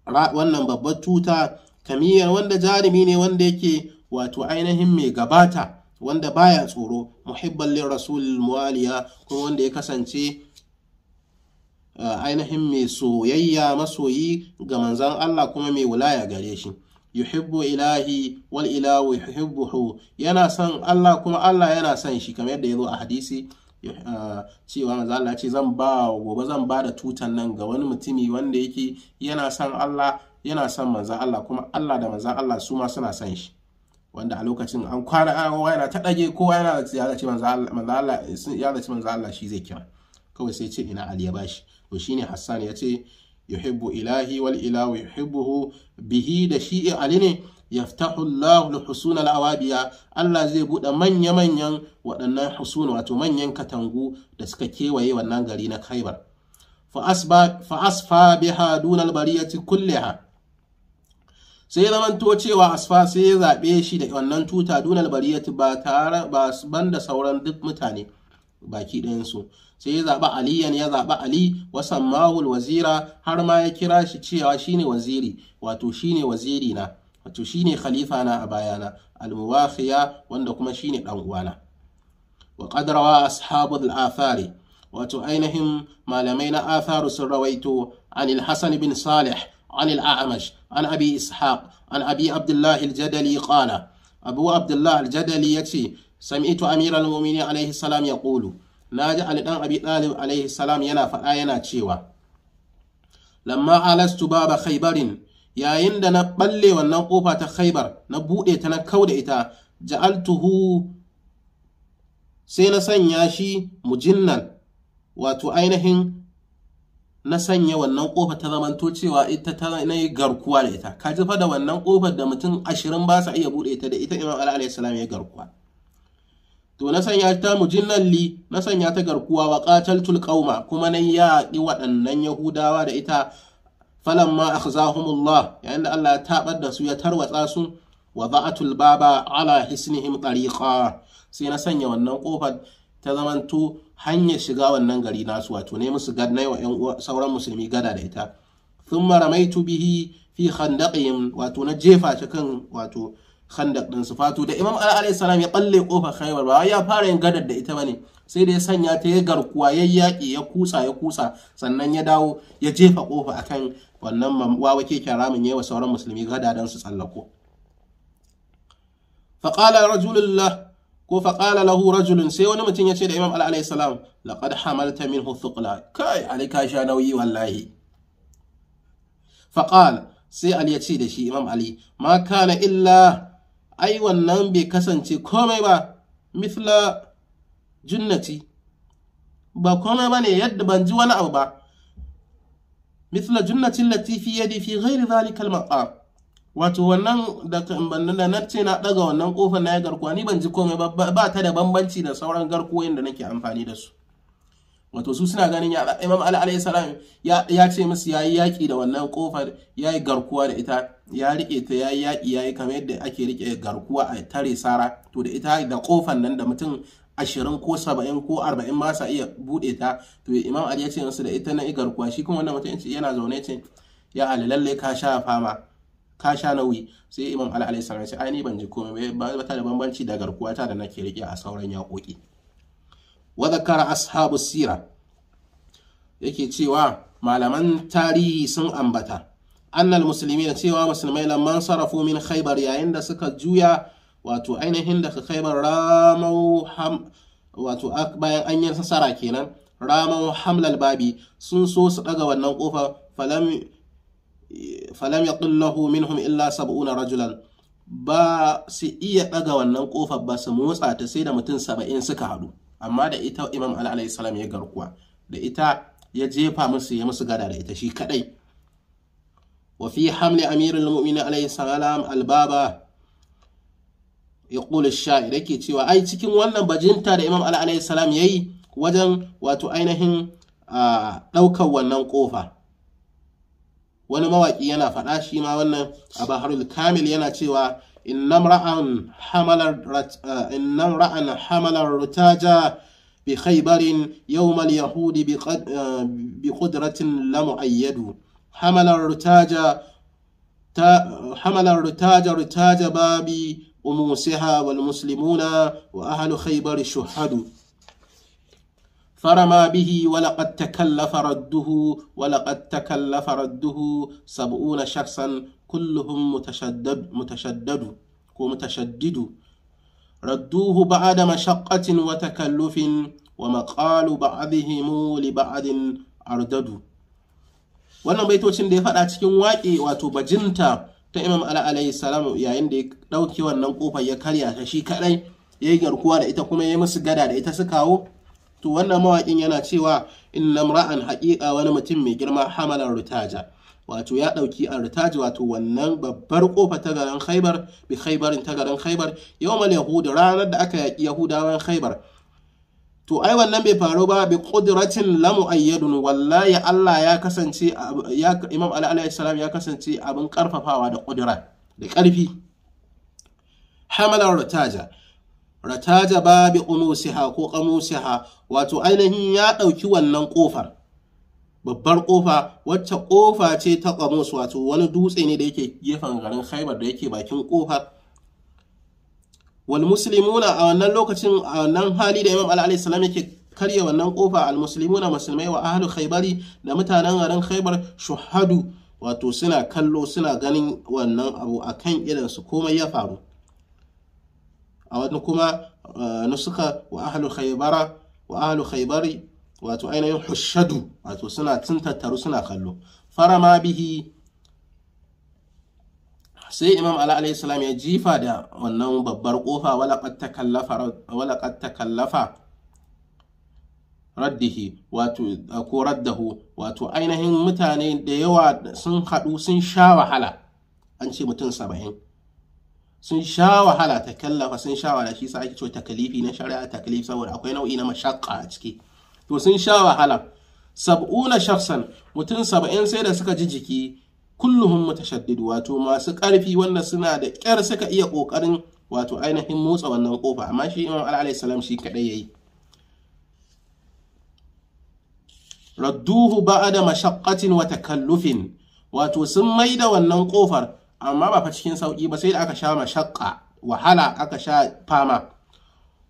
wannan babbar tuta kamiyar wanda jarumi ne wanda yake wato ainihin mai gabata wanda baya tsoro muhibban lil rasul muwaliya kuma wanda ya kasance ainihin mai soyayya masoyi ga manzan Allah kuma mai wulaya gare shi yuhibbu ilahi wal ilahu yuhibbuhu yana son Allah kuma Allah yana son shi kamar yadda ya zo a hadisi cewa manzo Allah ce zan ba gobe zan ba da tutan nan ga wani mutumi wanda yake yana son Allah yana son manzo Allah kuma Allah da manzo Allah su ma suna son shi wanda a lokacin an kwana kowa yana ta dage kowa yana ya zaci manzo Allah ya zaci manzo Allah shi zai kira kawai sai ce ina Ali ya bashi to shine Hassan ya ce yuhibbu ilahi wal ilahu yuhibbuhu bihi da shi eh, Ali ne yaftahu Allahu al-husun awabiya Allah zai buɗe manya-manyan waɗannan husun wato manyan katangu da suka kewaye wannan gari na Khaibar fa asfa biha dun bariyati kulliha sai zamanto cewa asfa sai ya zabe shi da wannan tuta dun bariyati ba tare ba banda sauran duk mutane baki ɗayansu sai ya zaɓi aliyan ya zaɓi ali wasan mahul wazira har ma ya kira shi cewa shine waziri wato shine waziri na wato shine khalifa na a bayana almuwafiya wanda kuma shine dan uwana wa qad rawa ashabul athari wato ainihin malamai na atharu sun rawaito anil hasan bin salih anil a'mash an abi ishaq an abi abdullah al-jadali qala abu abdullah al-jadali yace sami'tu amiral mu'minin alaihi salam yaqulu naji ali dan abi talib salam yana faɗa yana cewa lamma alastu baba khaybarin yayin da na balle wannan kofa ta khaibar na buɗe ta na kau da ita ja'altuhu sai na sanya shi mujinnan wato ainihin na sanya wannan kofa ta zamanto cewa ita ta na yi garkuwa da ita ka jifa da wannan kofar da mutum ashirin ba sa iya buɗe ta da ita imam ala ya garkuwa to na sanya ta mujinnan li na sanya ta garkuwa wa qataltul kuma na yaƙi waɗannan yahudawa da ita falamma akhzahumullah yayin da Allah ya tabar da su ya tarwatsa su wada'atul baba ala hisnihim tariqa sai na sanya wannan kofar ta zamanto hanyar shiga wannan gari nasu wato ne musu gad wa ƴan sauran musulmi gada da ita thumma ramaitu bihi fi khandaqihim wato na jefa shi kan wato khandaq din su fatu da imam ali salam ya balle kofar khaybar ba ya fara yin gadar da ita bane sai da ya sanya ta ya garkuwa ya yaki ya kusa ya kusa sannan ya dawo ya jefa kofa akan wannan wawa ke kyaramin yi wa sauran musulmi gadadan su tsallako faƙala rajulullah ko faƙala lahu rajulun sai wani mutum ya ce da imam al'alai salam laƙad hamalta min hutsukla kai ali ka sha nauyi wallahi faƙal sai ali ya ce da shi imam ali ma kana illa ai wannan bai kasance komai ba mithla junnati ba komai ba ne yadda ban ji wani abu ba mithla junnatin latifi yadi fi ghairi zalikal maqam wato wannan da da na ce na daga wannan kofar na ya garkuwa ni ban ji komai ba ba ta da bambanci da sauran garkuwoyin da nake amfani da su wato su suna ganin imam ali alayhi salam ya ce musu yayi yaki da wannan kofar yayi garkuwa da ita ya rike ta yayi yaki yayi kamar yadda ake rike garkuwa a tare sara to da ita da kofar nan da mutum ashirin ko saba'in ko arba'in ba sa iya buɗe ta to imam ali ya ce musu da ita na igar kuwa shi kuma wannan mutum yana zaune ce ya ali lallai ka sha fama ka sha nauyi sai imam ali alayhi salam ya ni ban ji komai ba ta da bambanci da garkuwa ta da nake rike a sauran yaƙoƙi wa zakara ashabu sira yake cewa malaman tarihi sun ambata annal musulmi da cewa musulmai lamman sarrafu min khaibar yayin da suka juya wato ainihin daga khaibar ramau wato bayan an yi sassara kenan ramau hamlal babi sun so su daga wannan kofa falam falam yaqullahu minhum illa sab'una rajulan ba su iya daga wannan kofa ba su motsa ta sai da mutum saba'in suka hadu amma da ita imam ali salam ya garkuwa da ita ya jefa musu ya musu gada da ita shi kadai wa fi hamli amirul mu'minin alayhi salam albaba يقول الشاعر كي تيوا اي تيكين وانا بجنتا دا امام الله عليه السلام يي وجن واتو اينهن آه، دوكا وانا قوفا وانا مواكي ينا فراشي ما وانا ابهر الكامل ينا تيوا إن امرأ آه، حمل الرتاج بخيبر يوم اليهود آه، بقدرة لا معيد حمل الرتاج حمل الرتاج رتاج بابي وموسها والمسلمون وأهل خيبر شهدوا فرما به ولقد تكلف رده ولقد تكلف رده سبعون شخصا كلهم متشدد متشدد ومتشدد ردوه بعد مشقة وتكلف ومقال بعضهم لبعض أرددوا wannan baitocin da ya faɗa ta imam ala alayhi salamu yayin da ya ɗauke wannan kofar ya karya ta shi kaɗai ya yi garkuwa da ita kuma ya yi musu gada da ita su kawo to wannan mawaƙin yana cewa inna ra'an haƙiƙa wani mutum mai girma hamalar rutaja wato ya ɗauki a rutaji wato wannan babbar Kofa ta garin khaibar bi khaibarin ta garin khaibar yawmal yahudu ranar da aka yaƙi yahudawan khaibar to ai wannan bai faru ba bi kudratin la muayyadun wallahi Allah ya kasance ya Imam Ali alayhi salam ya kasance abin karfafawa da kudura da karfi hamala rataja rataja ba bi umusiha ko qamusiha wato ainihin ya dauki wannan kofar babbar kofa wacce kofa ce ta qamus wato wani dutse ne da yake gefen garin Khaibar da yake bakin kofar wal muslimuna a wannan lokacin a wannan hali da imam ali yake karya wannan kofa al muslimuna musulmai wa ahlu khaybari da mutanen garin khaybar shuhadu wato suna kallo suna ganin wannan abu akan irin su komai ya faru a wani kuma nusuka wa ahlu khaybara wa ahlu khaybari wato ainihin hushadu wato suna tun tattaru suna kallo farama bihi sai imam ala alayhi salam ya jifa da wannan babbar kofa wala ta kallafa raddihi wato ko raddahu wato ainihin mutane da yawa sun haɗu sun sha wahala an ce mutum saba'in sun sha wahala ta kallafa sun sha wahala shi sa ake cewa takalifi na shari'a takalifi saboda akwai nau'i na mashakka a ciki to sun sha wahala sab'una shafsan mutum saba'in sai da suka ji jiki kulluhum mutashaddid wato masu ƙarfi wanda suna da ƙyar suka iya ƙoƙarin wato ainihin motsa wannan kofa amma shi imam alaihi salam shi kadai yayi radduhu ba'da mashaqqatin wa takallufin wato sun mai da wannan kofar amma ba fa cikin sauki ba sai da aka sha mashaqqa wahala aka sha fama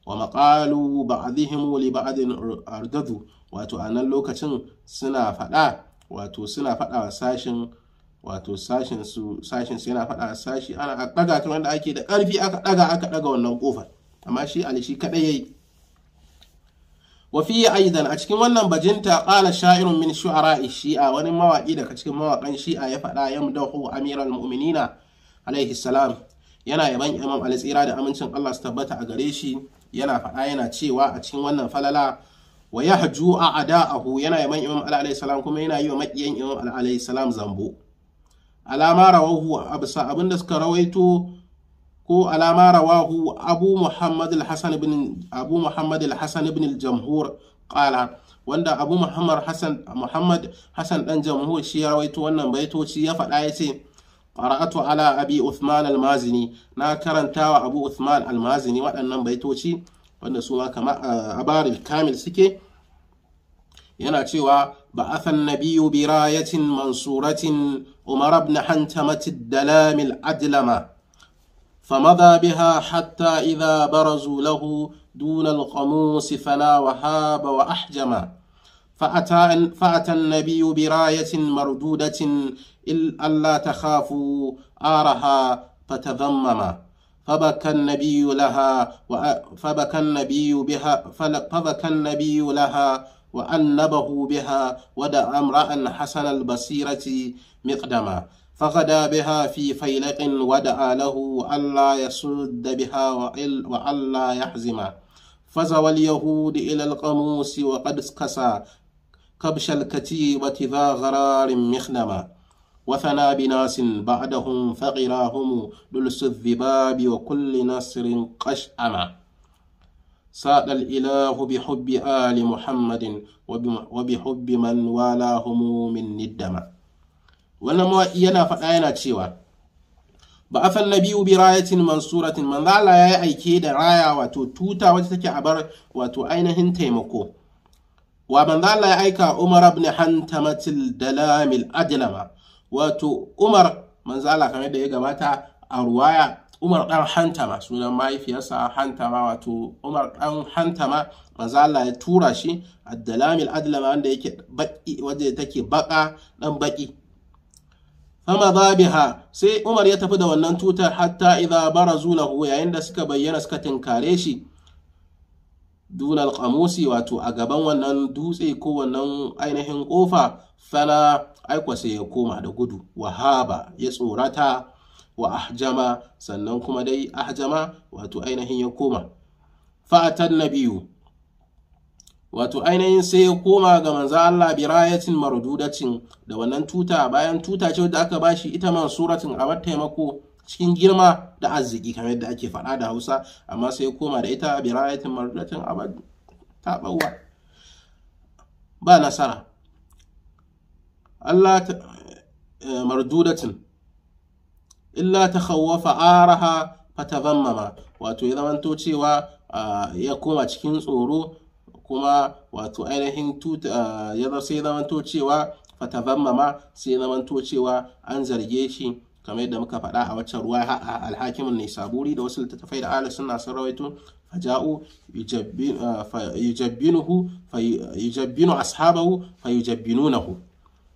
wa maqalu ba'dihim li ba'din ardadu wato a nan lokacin suna faɗa wato suna faɗa wa sashin wato sashen su yana faɗa sashi ana ɗaga kamar da ake da karfi aka ɗaga aka ɗaga wannan ƙofar amma shi ali shi kaɗai yayi wa fiye aidan a cikin wannan bajinta ƙala sha'irun min shu'ara'i shi'a wani mawaƙi daga cikin mawakan shi'a ya faɗa mudahu amiral mu'minina alaihi salam yana yaban imam ali tsira da amincin Allah su tabbata a gare shi yana faɗa yana cewa a cikin wannan falala wa ya haju a ada'ahu yana yaban imam alaihi salam kuma yana yi wa maƙiyan imam alaihi salam zambo alama rawahu absa abinda suka rawaito ko alama hu abu muhammad al-hasan ibn abu muhammad al-hasan ibn al-jamhur qala wanda abu muhammad hasan muhammad hasan dan jamhur shi ya rawaito wannan baitoci ya faɗa ya ce qara'atu ala abi uthman al-mazini na wa abu uthman al-mazini waɗannan baitoci wanda su ma kamar eh, abaril kamil suke yana cewa a san nabiyyu bi rayatin mansuratin umar ibn hantamat ad-dalam al-adlama فمضى بها حتى إذا برزوا له دون القموس فلا وهاب وأحجما فأتى, فأتى النبي براية مردودة ألا تخافوا آرها فتذمما فبكى النبي لها فبكى النبي بها فبكى النبي لها وألبه بها ودعا امرأ حسن البصيرة مقدما فغدا بها في فيلق ودعا له ألا يسد بها وألا يحزما فزوى اليهود إلى القموس وقد كسى كبش الكتيبة ذا غرار مخنما وثنى بناس بعدهم فغراهم دلس الذباب وكل نصر قشأما ساد الإله بحب Muhammadin, محمد وبحب من والاهم من الدمع wannan yana faɗa yana cewa ba a fan nabiyu bi rayatin mansuratin manzo Allah ya yi aike da raya wato tuta wacce take a bar wato ainihin taimako wa manzo ya aika Umar ibn Hantamatil Dalamil Ajlama wato Umar Manzala Allah kamar da ya gabata a ruwaya umar dan hantama sunan mahaifiyarsa hantama wato umar dan hantama mazala ya tura shi dalamil adlama wanda yake baki wanda take baka dan baki fama zabiha sai umar ya tafi da wannan tutar hatta idza barazu lahu yayin da suka bayyana suka tinkare shi dunal kamusi wato a gaban wannan dutse ko wannan ainihin kofa fala aikwa sai ya koma da gudu wahaba ya tsorata wa ahjama sannan kuma dai ahjama wato ainihin ya koma fa'atan nabiyu wato ainihin sai ya koma ga manza Allah bi rayatin da wannan tuta bayan tuta ce da aka bashi ita mansuratin a wata taimako cikin girma da arziki kamar yadda ake faɗa da Hausa amma sai ya koma da ita bi rayatin mardudacin a ba nasara Allah eh, mardudatin illa ta khawwafa araha fatazammama wato ya zamanto cewa ya koma cikin tsoro kuma wato ainihin ya sai zamanto cewa fatavammama sai zamanto cewa an zarge shi kamar yadda muka faɗa a waccan ruwa alhakimin ne saburi da wasu littattafai da ala suna sun rawaito faja'u yujabbinuhu fa yujabbinuhu ashabahu fa yujabbinunahu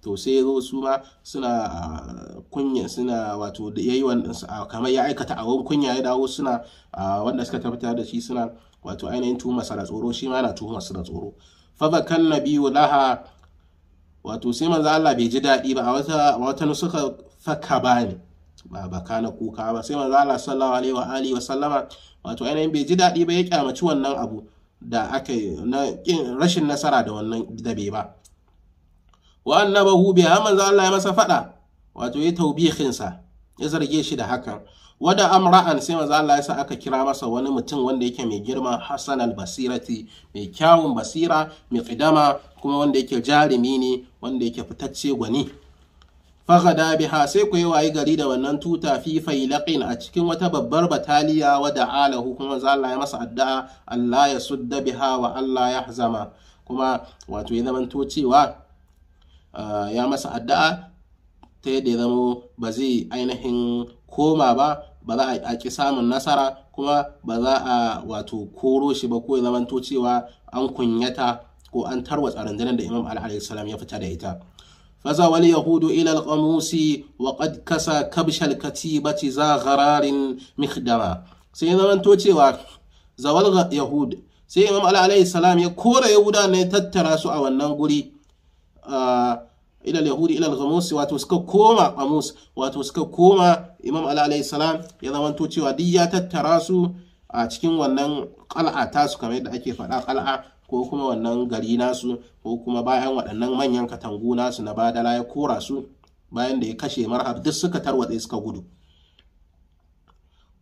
to sai ya zo su ma suna ah, kunya suna wato da yayi ah, kamar ya aikata a awon kunya ya dawo suna ah, wanda suka tabbatar da shi suna wato ainihin tuhuma sa da tsoro shi ma na tuhuma sa da tsoro fa zakan nabiyyu laha wato sai manzo Allah bai ji daɗi ba a wata wata nusuka faka bani ba ba kana kuka ba sai manzo Allah sallallahu alaihi wa alihi wa sallama wato ainihin bai ji daɗi ba ya kyamaci wannan abu da aka na rashin nasara da wannan da bai ba wa annabahu bi manzo Allah ya masa fada wato ya taubihin sa ya zarge shi da hakan wada amra'an sai manzo Allah ya sa aka kira masa wani mutum wanda yake mai girma Hassan al-Basirati mai kyawun basira mai qidama kuma wanda yake jarumi ne wanda yake fitacce gwani fagada biha sai ku yi wayi gari da wannan tuta fi failaqin a cikin wata babbar bataliya wadda alahu kuma za Allah ya masa addu'a Allah ya sudda biha wa Allah ya hazama kuma wato ya zamanto cewa ya masa addu'a ta yadda ya zamo ba zai ainihin koma ba ba za a ki samun nasara kuma ba za a wato koro shi ba ko ya zamanto cewa an kunyata ko an tarwatsa rundunar da imam alaihi ya fita da ita faza wal yahudu ila al-qamusi wa qad kasa kabshal katibati za ghararin mikhdama sai ya zamanto cewa zawal yahud sai imam alaihi salam ya kora yahuda ne tattara su a wannan guri ila yahudi ila wato suka koma qamus wato suka koma imam ali alayhi salam ya zamanto cewa duk ya tattara su a cikin wannan qal'a su kamar yadda ake faɗa qal'a ko kuma wannan gari nasu ko kuma bayan waɗannan manyan katangu nasu na badala ya kora su bayan da ya kashe marhab duk suka tarwatse suka gudu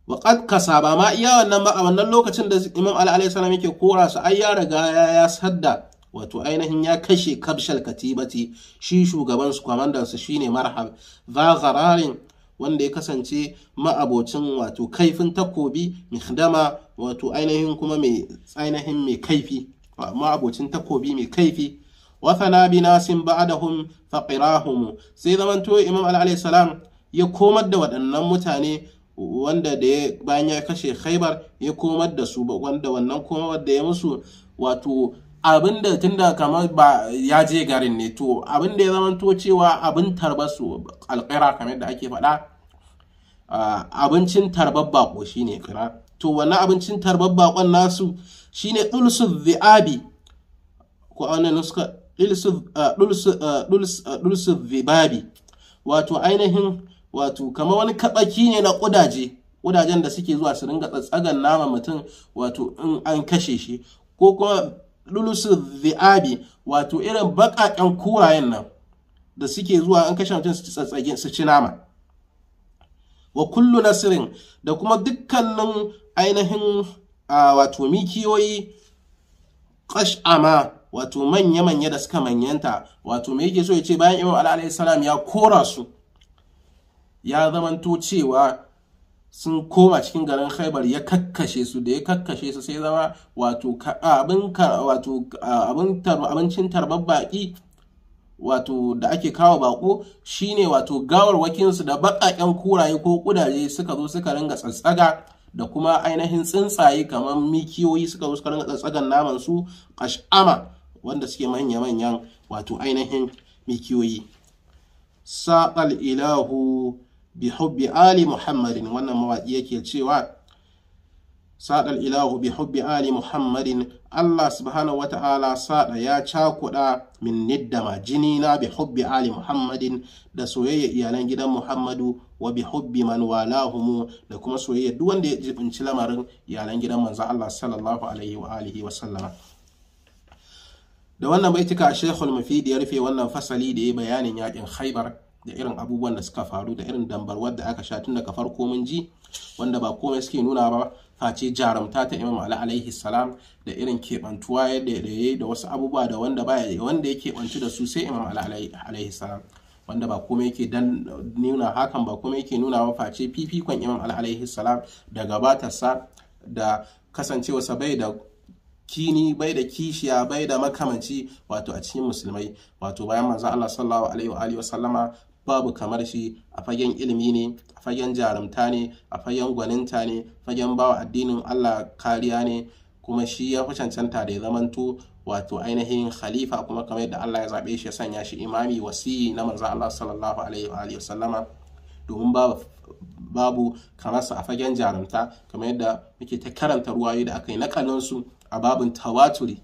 wa kasa kasaba ma iya wannan ba a wannan lokacin da imam ali alayhi salam yake kora su ai ya riga ya sadda wato ainihin ya kashe kabshal katibati shi shugaban su kwamandansa shine marhab zararin wanda ya kasance ma'abocin wato kaifin takobi mihdama wato ainihin kuma mai ainihin mai kaifi ma'abocin takobi mai kaifi wasana bi nasin ba'adahum faqirahum sai zaman zamanto imam al salam ya komar da waɗannan mutane wanda da ya bayan ya kashe khaibar ya komar da su wanda wannan komar da ya musu wato abin da tunda kamar ba ya je garin ne to abin da ya to cewa abin tarba su Alkaira kamar da ake faɗa abincin tarbar bako ne kira to wannan abincin tarbar bakon nasu shine ulsu dhi'abi ko wannan nuska ulsu dhibabi wato ainihin wato kamar wani kaɓaki ne na ƙudaje ƙudajen da suke zuwa su ringa tsatsagan nama mutum wato in an kashe shi ko kuma lulusu zi'abi wato irin baƙaƙen kurayen nan da suke zuwa an kashe mutum su ci nama wa kullu nasirin da kuma dukkanin ainihin wato mikiyoyi ƙash'ama wato manya-manya da suka manyanta wato mai yake so ya ce bayan imam salam ya kora su ya zamanto cewa sun koma cikin garin haibar ya kakkashe su da ya kakkashe su sai zama wato abincin tarbar baƙi wato da ake kawo bako shine wato gawarwakinsu da baƙaƙen kuraye ko ƙudaje suka zo suka ringa tsatsaga da kuma ainihin tsuntsaye kamar mikiyoyi suka zo suka ringa tsatsagan naman su ƙash'ama wanda suke manya-manyan wato ainihin mikiyoyi ilahu bi hubbi ali muhammadin wannan mawaƙi yake cewa saɗal ilahu bi hubbi ali muhammadin allah subhanahu wata'ala saɗa ya cakuɗa min niddama jini na bi hubbi ali muhammadin da soyayya iyalan gidan muhammadu wa bi hubbi man walahumu da kuma soyayya duk wanda ya jibinci lamarin iyalan gidan manzo allah sallallahu alaihi wa alihi wa sallama da wannan baitika shekul mafidi ya rufe wannan fasali da ya bayanin yakin khaibar da irin abubuwan da suka faru da irin dambarwar da aka sha tun daga farko mun ji wanda ba komai suke nuna ba face jarumta ta imam ali alaihi salam da irin keɓantuwa yadda ya da wasu abubuwa da wanda baya wanda ya keɓanci da su sai imam ali alaihi salam wanda ba komai yake dan nuna hakan ba komai yake nuna ba face fifikon imam ali alaihi salam da gabatarsa da kasancewarsa bai da kini bai da kishiya bai da makamanci wato a cikin musulmai wato bayan manzo Allah sallallahu alaihi wa alihi sallama babu kamar shi a fagen ilimi ne a fagen jarumta ne a fagen gwaninta ne fagen bawa addinin allah kariya ne kuma shi ya fi cancanta da ya zamanto wato ainihin khalifa kuma kamar yadda allah ya zaɓe shi ya sanya shi imami wasiyi na manzan allah sallallahu alaihi wasallama domin babu babu kamarsa a fagen jarumta kamar yadda muke ta karanta ruwayoyi da aka yi nakalinsu a babin tawaturi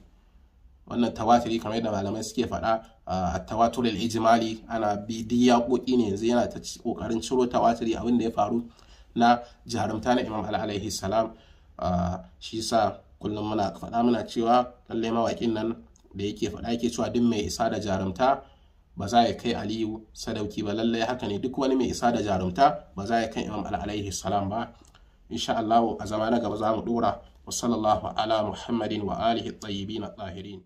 wannan tawaturi kamar yadda malamai suke faɗa a ana التواتر الإجمالي ne yanzu yana ينزل أنا تقارن شروط تواتري da ya faru na jarumta na imam alaihi salam shi kullum muna faɗa muna cewa lalle mawaƙin nan da yake faɗa yake cewa duk mai isa da jarumta ba za ya kai aliyu sadauki ba lallai haka ne duk wani mai isa da jarumta ba za ya kai imam alaihi salam ba insha Allah a na gaba za mu dora wa sallallahu ala muhammadin wa alihi tayyibin tahirin